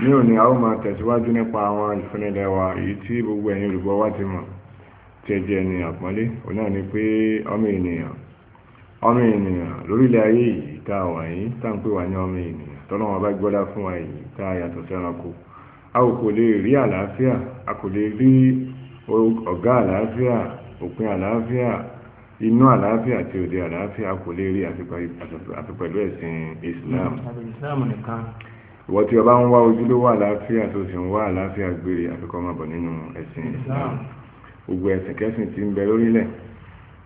ní òní a ó máa tẹ̀síwájú nípa àwọn ìfúnnilẹ̀ wa èyí tí gbogbo ẹ̀yin olùgbọ́ wa ti mọ̀ tí ẹ jẹ́ ẹni àpọ́nlé òun náà ni pé ọmọ ènìyàn ọmọ ènìyàn lórílẹ̀ ayé yìí tá a wà yìí tá à ń pè wá ní ọmọ ènìyàn tọ́lọ́ wọn bá gbọ́dá fún wa yìí tá a yàtọ̀ sẹ́ranko a ò kò lè rí àlàáfíà a kò lè rí ọ̀gá àlàáfíà òpin àlàáfíà inú àlàáfíà àti òde àlàáfíà a kò lè rí àti pẹ̀lú ẹ̀sìn Islam. ìwọ́n tí ọba ń wá ojúlówó àlàáfíà tó sì ń wá àlàáfíà gbére àfikọ́ nínú ẹ̀sìn Islam gbogbo ẹ̀sìn kẹ́sìn tí ń bẹ lórílẹ̀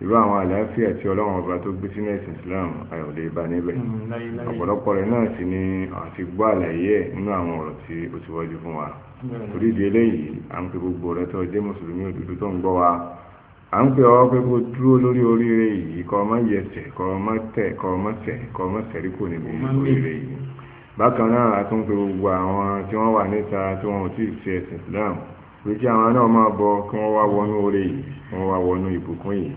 irú àwọn àlàáfíà tí ọlọ́run ọba tó gbé sínú ẹ̀sìn Islam ayọ̀ lè bá níbẹ̀ hmm, ọ̀pọ̀lọpọ̀ rẹ̀ náà sì ni àti gbọ́ àlàyé ẹ̀ nínú àwọn ọ̀rọ̀ tí ó ti wọ́jú fún wa torí ìdí eléyìí à ń pe gbogbo rẹ tó jẹ́ mùsùlùmí òdodo tó ń gbọ́ wa à ń pe ọ pé kó dúró lórí oríire yìí kó má yẹsẹ̀ kó má tẹ̀ kó má tẹ̀ kó má tẹ̀ríkò níbi oríire yìí bákan náà àtúnpè gbogbo àwọn tí wọ́n wà níta tí wọ́n ò tí ì ṣe ẹ̀sìn Islam pé kí àwọn náà máa bọ kí wọ́n wá wọnú oore yìí wọ́n wá wọnú ìbùkún yìí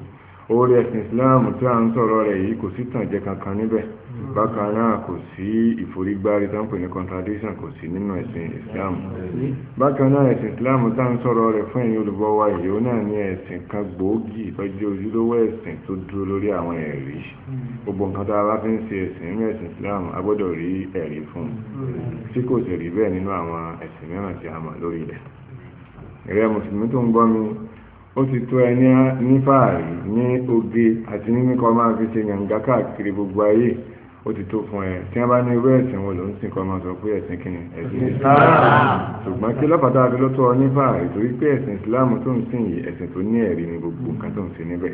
orí ẹ̀sìn islam tí a ń sọ̀rọ̀ rẹ̀ yìí kò sí tànjẹ kankan níbẹ̀ hmm. bákan náà kò sí ìforígbárí tó ń pè ní contradiction kò sí nínú ẹ̀sìn islam bákan náà ẹ̀sìn islam tá ń sọ̀rọ̀ rẹ̀ fún ẹ̀yin olùgbọ́ wa yìí ó náà ní ẹ̀sìn kan gbòógì ìtọ́jú ojúlówó ẹ̀sìn tó dúró lórí àwọn ẹ̀rí hmm. gbogbo nǹkan tá a bá fi ń ṣe ẹ̀sìn nínú ẹ̀sìn islam a gbọ́dọ̀ rí ẹ̀rí fún hmm. tí kò sì rí bẹ́ẹ̀ nínú àwọn ẹ̀sìn mìíràn tí a mọ̀ lórí ilẹ̀ ẹ̀rẹ́ mùsùlùmí tó ń gbọ́ mi ó ti tó ẹni ní fààrí ní oge àti ní nìkan máa fi ṣe yànga káàkiri gbogbo ayé ó ti tó fún ẹ tí wọ́n bá ní irú ẹ̀sìn wo ló ń sìn máa sọ pé ẹ̀sìn kìíní ẹ̀sìn Islam ṣùgbọ́n kí lọ́pàá tó tọ́ ọ nípa ìtorí pé ẹ̀sìn Islam tó ń sìn yìí ẹ̀sìn tó ní ẹ̀rí ni gbogbo nǹkan tó ń sìn níbẹ̀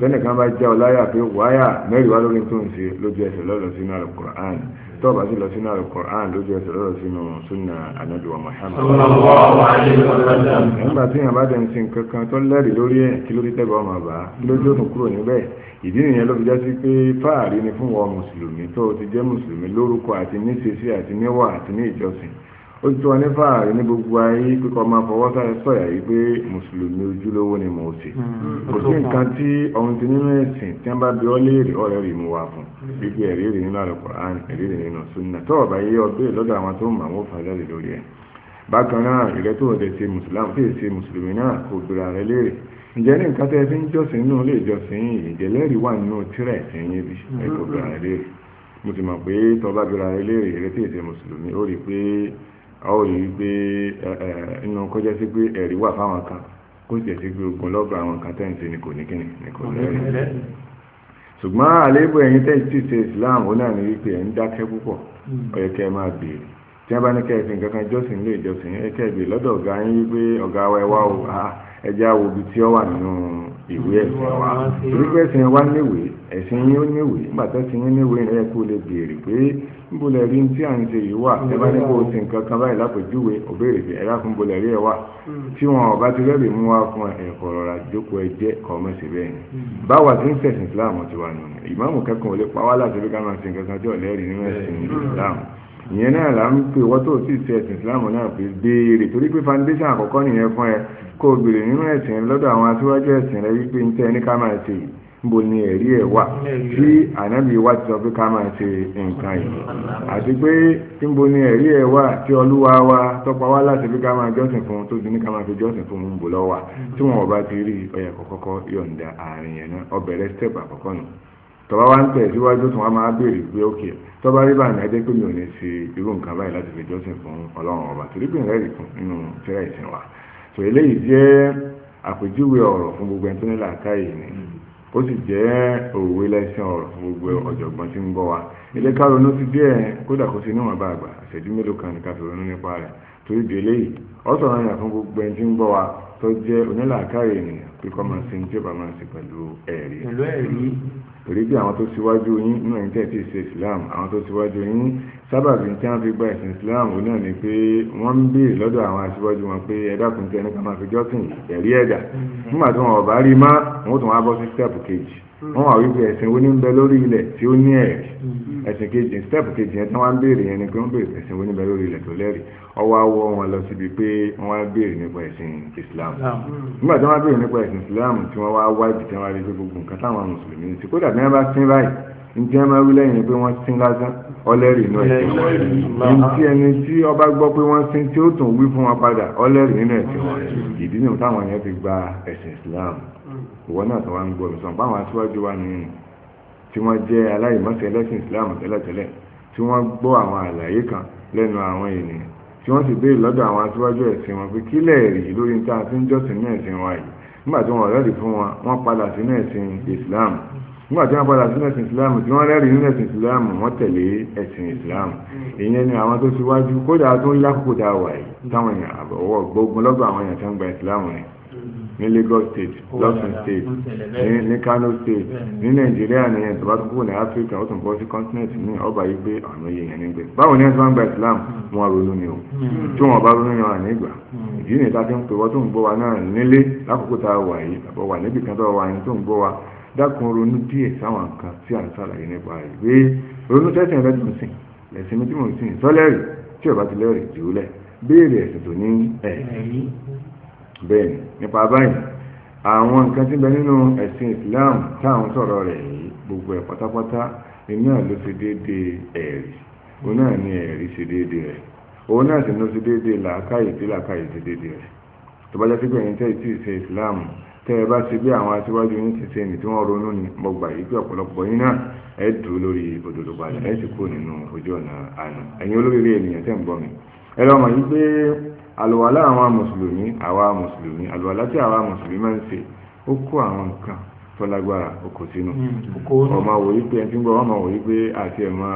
lẹ́nìkan bá já ọ láyà pé wáyà mẹ́rìíwá lórí tó ń ṣe lójú ẹsẹ̀ lọ́dọ̀ sínú al tó bá ti lọ sínú Al-Qur'an lójú ẹsẹ̀ lọ́rọ̀ sínú súnà ànábì wa Muhammad nígbà tí yàn bá dẹ̀ ń sin kankan tó lẹ́rìí lórí ẹ̀ kí ló dé tẹ́gbà ọmọ àbá kí ló dé òtún kúrò níbẹ̀ ìdí nìyẹn ló fi já sí pé fáàrí ni fún wọn mùsùlùmí tó ti jẹ́ mùsùlùmí lórúkọ àti níṣesí àti níwà àti ní ìjọsìn ó tó ní fààrí ní gbogbo ayé pípọ̀ máa fọwọta ya sọ̀yà pé mùsùlùmí ni mo ṣe hmm. kò sí hmm. nǹkan ti nínú ẹ̀sìn tí wọ́n bá bí ọ́ léèrè ọ̀rẹ́ wa fún wípé ẹ̀rí rì nínú Al-Qur'an ẹ̀rí rì nínú Sunnah tó ọ̀bá yé ọbẹ̀ lọ́dọ̀ àwọn tó mọ̀ àwọn òfin lórí ẹ̀ bákan náà ìrẹ́ tó ṣe mùsùlùmí ṣe mùsùlùmí náà kò léèrè ǹjẹ́ ní nǹkan tẹ́ fi ń lẹ́rìí wà nínú a yìí gbé wípé inú kọjá sí pé ẹ̀rí wà fáwọn kan kó sí pé ogun àwọn kan kò ní ni kò lẹ́rìí ṣùgbọ́n àléébù ẹ̀yin tẹ́ǹsì ṣe Islam ó náà ní wípé ẹ̀ ń dákẹ́ púpọ̀ béèrè tí wọ́n bá ní kẹ́ẹ̀fì nǹkan kan jọ́sìn ẹ lọ́dọ̀ ọ̀gá yín wípé ọ̀gá wa ẹ wá o tí ó wà nínú ìwé ẹ̀sìn wa torí pé ẹ̀sìn wa níwèé ẹ̀sìn yín ó níwèé nígbà tó ti bólẹ̀ rí tí à ń ṣe yìí wà ẹ bá ní kó o sì nǹkan kan báyìí lápèjúwe òbéèrè pé ẹ̀rá fún bólẹ̀ rí ẹ wà tí wọn ò bá ti rẹ́bì mú wá fún ẹ̀kọ́ rọra jókòó ẹ jẹ́ kọ́mọ́ sí bẹ́ẹ̀ ni báwa ti ń sẹ̀sìn Islam ti wà nù ìmáàmù kẹ́kọ̀ọ́ lè pa wá láti rí ká máa ṣe tí ọ̀lẹ́rìí nínú ẹ̀sìn Islam ìyẹn náà là ń pè wọ́n tó sì ṣe ẹ̀sìn ìsìláàmù náà fi béèrè torí pé foundation àkọ́kọ́ nìyẹn fún ẹ kó o béèrè nínú ẹ̀sìn lọ́dọ̀ àwọn aṣíwájú ẹ̀sìn rẹ wípé ń tẹ́ ẹ ní ká máa ṣe yìí níbo ni ẹ̀rí ẹ̀ wà tí ànábì wa ti sọ pé ká máa ṣe nǹkan yìí àti pé níbo ni ẹ̀rí ẹ̀ wà tí olúwa wa tọpa wá láti fi ká máa jọ́sìn fún tó ti ní ká máa fi jọ́sìn fún un bò lọ́wọ́ tí wọn ò bá ti rí ọyẹ kọ́kọ́kọ́ yọ̀ǹda àárín yẹn náà ọbẹ̀rẹ̀ step àkọ́kọ́ nù tọba wa ń tẹ̀síwájú tí wọ́n máa béèrè pé ókè tọba rí báyìí ajẹ́ pé mi ò ní ṣe irú nǹkan báyìí láti fi jọ́sìn fún ọlọ́run ọba torí pé ìrẹ́rì fún nínú tẹ́rẹ̀ ìsìn wa tò eléyìí jẹ́ àpèjúwe ọ̀rọ̀ fún gbogbo ẹni tó ní làákàyè ni ó sì jẹ́ òwe lẹ́sìn ọ̀rọ̀ fún gbogbo ọ̀jọ̀gbọ́n tí ń gbọ́ wa ilé ká ronú sí díẹ̀ kódà kó sí níwọ̀n bá àgbà àṣẹjú kan ní ká fi ronú nípa rẹ̀ torí di eléyìí ọ̀sọ̀rọ̀ fún gbogbo ẹni tí tó jẹ́ onílàákàyè ènìyàn kíkọ́ máa ṣe ń tí ó bá máa ṣe pẹ̀lú ẹ̀rí torí bí àwọn tó síwájú yín nínú ẹ̀yìn tẹ̀ tí ṣe Islam àwọn tó síwájú yín sábàbí tí wọ́n fi gba ẹ̀sìn Islam òun náà ni pé wọ́n ń béèrè lọ́dọ̀ àwọn aṣíwájú wọn pé ẹ̀dá kùn tẹ́ nípa máa fi jọ́sìn ẹ̀rí ẹ̀dà mm. nígbà tí wọn ò rí má wọn ó tún wá bọ́ sí stẹ́ẹ̀pù kejì wọ́n wà wípé ẹ̀sìn wo ní ń bẹ lórí ilẹ̀ tí ó ní ẹ̀rí mm. ẹ̀sìn kejì stẹ́ẹ̀pù kejì yẹn tí wọ́n ń béèrè yẹn ni pé wọ́n béèrè ẹ̀sìn wo ní bẹ lórí ilẹ̀ tó lẹ́rìí ọwọ́ awọ́ wọn lọ síbi pé wọ́n á béèrè nípa ẹ̀sìn Islam mm. nígbà tí wọ́n béèrè nípa ẹ̀sìn Islam tí wọ́n wá wá ibi tí wọ́n rí pé gbogbo nǹkan táwọn mùsùlùmí ti kódà bí wọ́n bá sín báyìí ní tí máa wí lẹ́yìn pé wọ́n sín lásán ọlẹ́rì nínú ẹ̀sìn wọn tí ẹni tí ọba gbọ́ pé wọ́n sin tí ó tún wí fún wọn padà ọlẹ́rì nínú ẹ̀sìn wọn ìdí nìyẹn táwọn yẹn fi gba ẹ̀sìn Islam hmm. ìwọ náà tó wá ń gbọ́ mi sọ báwọn aṣíwájú wa ni tí wọ́n jẹ́ aláìmọ́sẹ̀ ẹlẹ́sìn Islam tẹ́lẹ̀tẹ́lẹ̀ tí wọ́n gbọ́ àwọn àlàyé kan lẹ́nu àwọn ènìyàn tí wọ́n sì béèrè lọ́dọ̀ àwọn aṣíwájú ẹ̀sìn wọn pé kílẹ̀ rí lórí ní tá a fi ń jọ́sìn ní ẹ̀sìn wa yìí nígbà tí wọ́n ọ̀rẹ́rì fún wọn wọ́n padà sínú ẹ̀sìn Islam nígbà tí wọ́n padà sí ẹ̀sìn ìsìláàmù tí wọ́n rẹ́rìí nínú ẹ̀sìn ìsìláàmù wọ́n tẹ̀lé ẹ̀sìn ìsìláàmù hmm. ìyẹn ni àwọn tó síwájú kódà tó ń lákòókò dá wà yìí hmm. táwọn èèyàn àbọ̀wọ̀ gbógun lọ́gbà àwọn èèyàn tó ń gba ìsìláàmù yẹn hmm. ní Lagos state Lọ́ṣùn state ní Kano state ní Nàìjíríà ní ẹ̀ tọ́ba tó kúrò ní Áfíríkà ó tún bọ́ sí continent ní ọba yìí pé àwọn èèyàn yẹn nígbẹ́ báwo ni ẹ̀sìn wọn gba ìsìláàmù wọn ronú ni o tí wọn bá ronú ni wọn nígbà ìdí nìta fi ń pè wọ́n tó ń gbọ́ wa náà nílé lákòókò tá a wà yìí àbọ̀ wà níbìkan tó wà yìí tó ń gbọ́ wa dákun ronú díẹ̀ sáwọn nǹkan tí à ń sàlàyé nípa rẹ̀ pé ronú tẹ́sán rẹ̀ tó ń sìn lẹ́sìn mi tí mò ń sìn sọ́lẹ́rì tí ò bá ti lẹ́rì jùlẹ̀ béèrè ẹ̀sìn tó ní ẹ̀rí bẹ́ẹ̀ nípa báyìí àwọn nǹkan tí bẹ nínú ẹ̀sìn Islam táwọn sọ̀rọ̀ rẹ̀ yìí gbogbo ẹ̀ pátápátá iná ló ṣe déédéé ẹ̀rí òun náà ni ẹ̀rí ṣe déédéé rẹ̀ òun náà sì ló ṣe déédéé làákàyè tí làákàyè ṣe déédéé rẹ̀ tó bá jẹ́ sí tẹ́ ì tí ì ṣe Islam tẹ́ ẹ bá ṣe bí àwọn aṣíwájú yín ti ṣe ní tí wọ́n ronú ni mo gbà yí pé ọ̀pọ̀lọpọ̀ yín náà ẹ dùn lórí òdòdó padà ẹ sì kúrò nínú ojú ọ̀nà àná ẹ̀yin olóríire ènìyàn tẹ́ ń gbọ́ mi ẹ lọ́ mọ̀ yí pé àlùwàlá àwọn mùsùlùmí àwa mùsùlùmí àlùwàlá tí àwa mùsùlùmí máa ń ṣe ó kó àwọn nǹkan tó lágbára okò mm, sínú ọmọ wòye pé ẹni tí ń gbọ́ ọmọ wòye pé àti ẹ̀mọ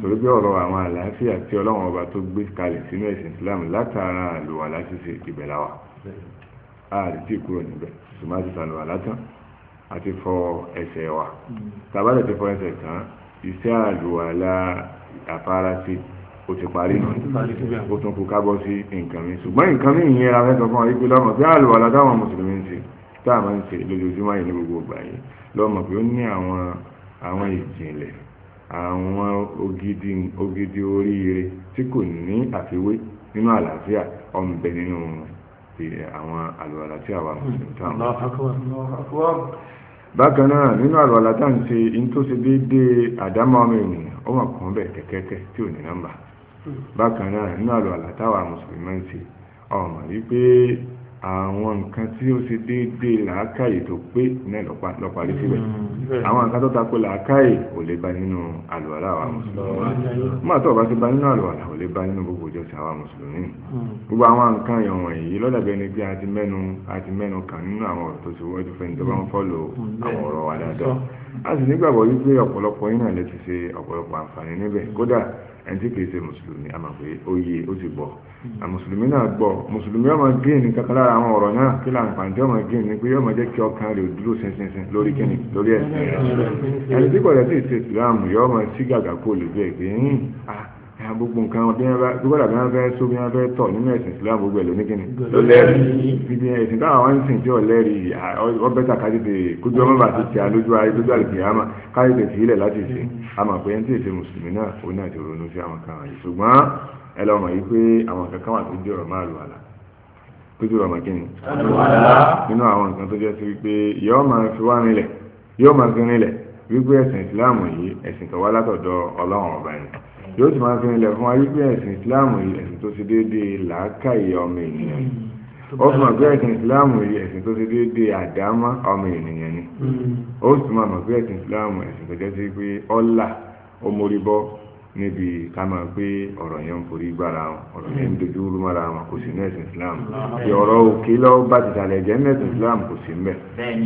torí pé ọ̀rọ̀ àwọn àlàáfíà tí ọlọ́run ọba tó gbé kalẹ̀ sínú ẹ̀sìn Islam látara àlùwàlá ṣíṣe ìbẹ̀lá wa ààrẹ tí kúrò níbẹ̀ ṣùgbọ́n àti sàlùwàlá tán àti fọ ẹsẹ̀ wa tàbálẹ̀ ti fọ ẹsẹ̀ tán iṣẹ́ àlùwàlá àfarasí o ti parí o tún kú kábọ́ sí nǹkan mi ṣùgbọ́n nǹkan mi ìyẹn ara fẹ́sọ̀ fún ayíkú lọ́mọ pé àlùwàlá táwọn mùsùlùmí ń ṣe táà máa ń ṣe lójoojúmọ́ yìí ní gbogbo ìgbà yìí lọ́mọ pé ó ní àwọn àwọn ìjìnlẹ̀ àwọn ògidì oríire tí kò ní àfiwé nínú àlàáfíà ọmọbẹ nínú àwọn àlùwàlà tí àwa mùsùlùmí bákan náà nínú àlùwàlà tá à ń ṣe in tó ṣe déédéé àdámọ́ ọmọ ènìyàn ó mà kàn bẹ̀ kẹ́kẹ́kẹ́ tí ò ní nọ́mbà hmm. bákan náà nínú àlùwàlà táwa mùsùlùmí ń ṣe ọmọ wípé àwọn nǹkan tí ó ṣe déédéé làákàyè tó pé náà lọ́parí síbẹ̀ mm. àwọn nǹkan tó tako làákàyè ò lè bá nínú àlùwàlá àwa mùsùlùmí má mm. tó bá ti bá nínú àlùwàlá ò lè bá nínú gbogbo ìjọsìn àwa mùsùlùmí mm. gbogbo àwọn nǹkan ìwọ̀n yìí lọ́dàbẹ̀ ni pé a ti mẹ́nu a ti mẹ́nu kàn nínú àwọn ọ̀rọ̀ tó ti wọ́jú fẹ́ni tó bá ń fọ́lò àwọn ọ̀rọ̀ wa dáadáa a sì nígbàgbọ́ wípé ọ̀pọ̀lọpọ̀ yín lè ti ṣe ọ̀pọ̀lọpọ̀ àǹfààní níbẹ̀ kódà ẹni tí kìí ṣe mùsùlùmí a máa pé ó yé ó sì gbọ́ mùsùlùmí náà gbọ́ mùsùlùmí ọmọ gíìn ní kankan lára àwọn ọ̀rọ̀ náà kí láǹfà ní ọmọ gíìn ní pé ọmọ jẹ́ kí ọkàn dúró ṣinṣinṣin lórí kíni lórí ẹ̀sìn ẹni tí kò yọ ọmọ sí gbogbo nǹkan gbọ́dọ̀ bí wọ́n fẹ́ só bí wọ́n fẹ́ tọ̀ nínú ẹ̀sìn Islam gbogbo ẹ̀ lóní kíni. bíbi ẹ̀sìn táwọn wá ń sìn tí ọ̀lẹ́rì ọbẹ̀ tà kájètè kójú ọmọ bàtí tí a lójú ayé lójú àlùkìyàmà kájètè tìlẹ̀ láti ṣe a mọ̀ pé ẹni tí èsè mùsùlùmí náà òun náà ti ronú sí àwọn kan yìí ṣùgbọ́n ẹ lọ mọ̀ yìí pé àwọn kankan wà tó jẹ́ ọ̀rọ̀ máa lù àlà tó jẹ́ ọ̀rọ̀ màkínni nínú àwọn nǹkan tó jẹ́ sí wípé yọ́ọ́ máa fi wá rinlẹ̀ yọ́ọ́ máa fi rinlẹ̀ wípé ẹ̀sìn ìsìláàmù yìí ẹ̀sìn tó wá látọ̀dọ̀ ọlọ́run ọba yìí yóò sì máa fi ilẹ̀ fún ayé pé ẹ̀sìn ìsìláàmù yìí ẹ̀sìn tó ṣe déédéé làákàyè ọmọ ènìyàn ni ó sì máa pé ẹ̀sìn ìsìláàmù yìí ẹ̀sìn tó ṣe déédéé àdámá ọmọ ènìyàn ni hmm. ó sì máa mọ̀ pé ẹ̀sìn ìsìláàmù ẹ̀sìn tó jẹ́ sí pé ọlà ó mórí bọ́ níbi ká máa pé ọ̀rọ̀ yẹn ń forí gbára wọn ọ̀rọ̀ yẹn ń dojú rú mọ́ra wọn kò sí nẹ́ẹ̀sì islam ti ọ̀rọ̀ òkè lọ bá ti sàlẹ̀ jẹ́ nẹ́ẹ̀sì islam kò sí mbẹ̀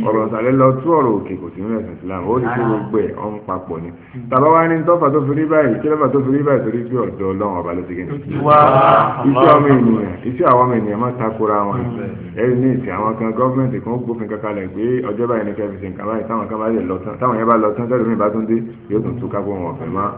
ọ̀rọ̀ sàlẹ̀ lọ tú ọ̀rọ̀ òkè kò sí nẹ́ẹ̀sì islam ó ti tó ah. gbogbo ẹ̀ ọ̀n papọ̀ ni tàbá wá ní tọ́fà tó fi rí báyìí kí lọ́fà tó fi rí báyìí torí pé ọ̀dọ̀ ọlọ́run ọba ló ti gẹ̀ iṣẹ́ àwọn ènìyàn máa takora wọn ẹ̀rí ní ìsìn àwọn kan gọ́ọ̀mẹ̀ntì kan gbófin kankan lẹ̀ pé ọjọ́ báyìí ní kẹfìsì nǹkan báyìí táwọn kan bá lè lọ tán táwọn yẹn bá lọ tán tẹ́lẹ̀ bá tún dé yóò tún túká fún wọn ọ̀fẹ́ máa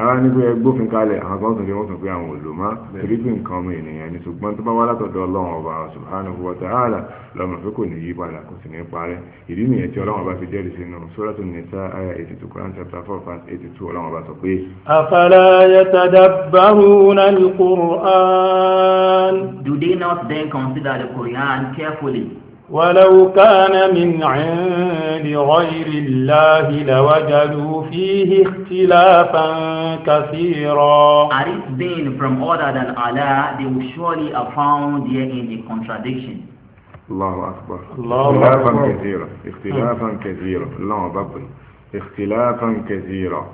ara ní pé ẹgbófin kalẹ̀ àwọn kan sọ wọ́n sọ pé àwọn òlò má torí nǹkan ọmọ ènìyàn ni ṣùgbọ́n tó bá wá látọ̀dọ̀ ọlọ́run ọba subhanahu wa ta'ala lọ́mọ pé kò ní yí padà kò sì ní parẹ́ ìdí nìyẹn tí ọlọ́run ọba fi jẹ́rìí sínú sóràtún nìta aya eighty two Quran chapter four verse eighty two ọlọ́run ọba sọ pé. afala yatadabbaruna al-Qur'an. Do they not then consider the Quran carefully? ولو كان من عند غير الله لوجدوا فيه اختلافا كثيرا Had it been from other than Allah, they would surely have found in the contradiction. الله أكبر اختلافا كثيرا اختلافا كثيرا الله أكبر اختلافا كثيرا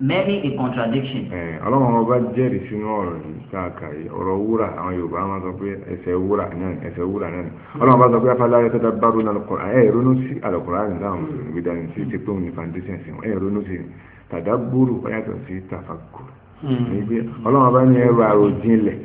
many a contradiction. ọlọ́run ọba jẹ́rìí sínú ọ̀rọ̀ yìí káàkiri ọ̀rọ̀ wúrà àwọn yorùbá máa sọ pé ẹsẹ̀ wúrà náà ẹsẹ̀ wúrà náà ọlọ́run ọba sọ pé afáláyà tó dábàá ronú alukọ̀rọ̀ ẹ̀ ronú sí alukọ̀rọ̀ àrùn láwọn ìwé dání sí ti pé òun ní foundation sí wọn ẹ̀ ronú sí tàdágbòrò ọ̀yàtọ̀ sí tàfàkù. Hmm. ọlọ́run ọba ní ẹrù àròjinlẹ̀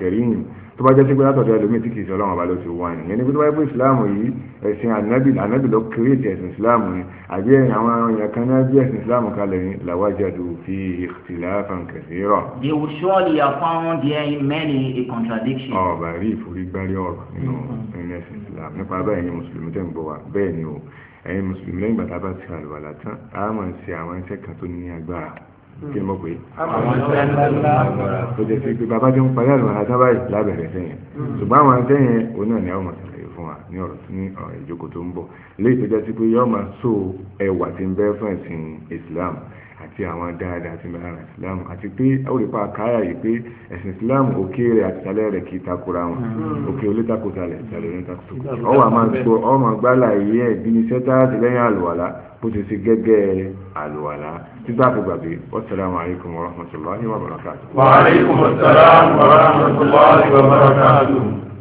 hmm tó bá jẹ́ sí pé látọ̀dọ̀ ẹlòmíì tí kìí ṣe ọlọ́run ọba ló ti wá ẹ̀yìn ní pé tó bá yẹ pé ìsìláàmù yìí ẹ̀sìn ànábì ànábì ló kírètì ẹ̀sìn ìsìláàmù ni àbí ẹ̀yìn àwọn èèyàn kan náà bí ẹ̀sìn ìsìláàmù kalẹ̀ ni làwájàdù fi ikhtilafan kathira. They will surely have found therein many a contradiction. ọba rí ìforígbárí ọ̀rọ̀ nínú hmm. ẹ̀sìn ìsìláàmù nípa bẹ́ẹ̀ ni mùsùlùmí tẹ̀ ń bọ̀ wá bẹ́ẹ̀ ni o ẹ̀yin mùsùlùmí lẹ́yìn bàtà kí mọ̀ pé ó jẹ́ sí pé bàbá jẹ́ ń parí àlùmọ̀ àti àbáyé lábẹ̀rẹ̀ sẹ́yìn hmm. ṣùgbọ́n àwọn àtẹ́yìn òun náà ni àwọn ọmọ sàlàyé fún wa ní ọ̀rọ̀ ní ìjókòó tó ń bọ̀ léyìí tó jẹ́ sí pé yọ́ so ẹwà tí ń bẹ fún ẹ̀sìn Islam àti àwọn dáadáa ti mẹ́rin islam àti pé àwòrìpá àkáyà yìí pé ẹ̀sìn islam òkè rẹ̀ àti ìsàlẹ̀ rẹ̀ kì í takora wọn hmm. òkè olótakòtalẹ̀ ìsàlẹ̀ olótakòtalẹ̀ ọwọ́ hmm. àmà sọ ọmọ gbálà yìí ẹ̀ bí iṣẹ́ táàtì lẹ́yìn àlùwàlá bó ti ṣe gẹ́gẹ́ àlùwàlá títà fi gbàgbé wassalamu alaikum warahmatullahi wabarakatuh. wa alaikum assalam warahmatullahi wabarakatuh.